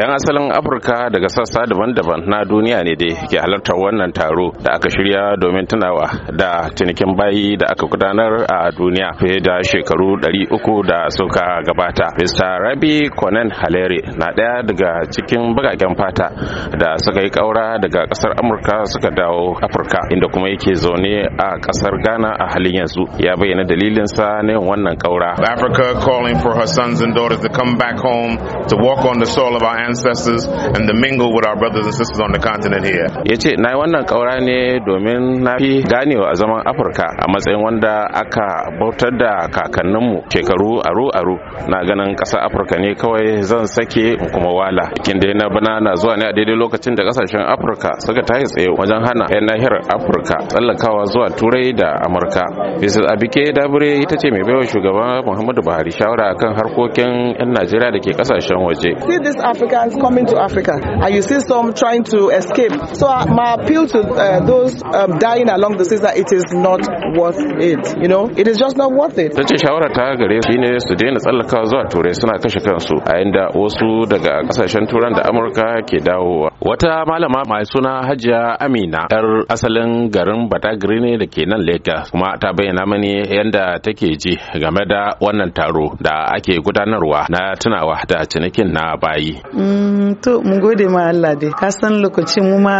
'yan asalin afirka daga sassa daban-daban na duniya ne dai ke halartar wannan taro da aka shirya domin tunawa da cinikin bayi da aka gudanar a duniya fiye da shekaru 300 da suka gabata mr rabi konan haleri na ɗaya daga cikin bagaken fata da suka yi kaura daga kasar amurka suka dawo afirka inda kuma yake zaune a kasar ghana a halin yanzu ya bayyana dalilin sa ne wannan kaura africa calling for her sons and daughters to come back home to walk on the soil of our ancestors and to mingle with our brothers and sisters on the continent here. Ya ce, na yi wannan ƙaura ne domin na fi ganewa a zaman Afirka a matsayin wanda aka bautar da kakanninmu shekaru aru-aru na ganin ƙasar Afirka ne kawai zan sake kuma wala. Bikin dai na bana na zuwa ne a daidai lokacin da kasashen Afirka suka tashi tsaye wajen hana 'yan nahiyar Afirka tsallakawa zuwa Turai da Amurka. Mrs. Abike Dabure ita ce mai baiwa shugaban Muhammadu Buhari shawara akan harkokin 'yan Najeriya da ke kasashen waje. Africa Nigerians coming to Africa, and you see some trying to escape. So uh, my appeal to uh, those um, dying along the seas that it is not worth it. You know, it is just not worth it. Ta ce shawara ta gare shi ne su daina tsallaka zuwa turai suna kashe kansu a inda wasu daga kasashen turan da Amurka ke dawowa. Wata malama mai suna Hajiya Amina yar asalin garin Batagiri ne da ke nan Lagos kuma ta bayyana mani yadda take ji game da wannan taro da ake gudanarwa na tunawa da cinikin na bayi. Mm, to mun gode ma Allah dai ka san lokacin mu ma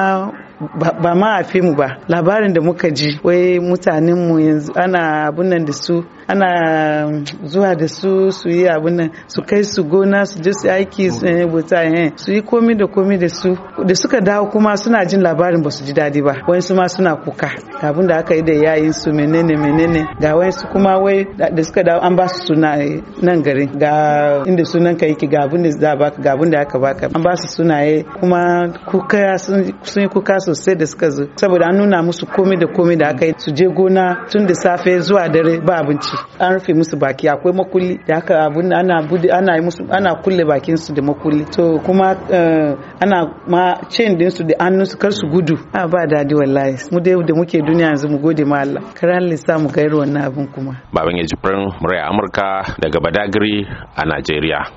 ba ma a mu ba labarin da muka ji wai mutanen mu yanzu ana abunan da su ana zuwa da su su yi abunan su kai su gona su je su aiki su yi eh, bota eh, su yi komi da komi da su da suka dawo kuma suna jin labarin ba su ji dadi ba wani su ma suna kuka abun da aka yi da yayin su menene menene ga wani su kuma wai da suka dawo an ba su suna eh, nan garin ga inda sunan ka yake ga abun da za ba ga abun da aka baka an ba su sunaye kuma kuka sun yi kuka sosai da suka zo saboda an nuna musu komai da komai da aka yi su je gona tun da safe zuwa dare ba abinci an rufe musu baki akwai makulli da aka abun ana budi ana yi musu ana kulle bakin su da makulli to kuma eh, ana ma chain din su da hannun su kar su gudu a ah, ba dadi wallahi mu dai da muke duniya yanzu mu gode ma Allah karan lissa mu irin wannan abin kuma baban ya jibrin Amurka daga Badagry a Najeriya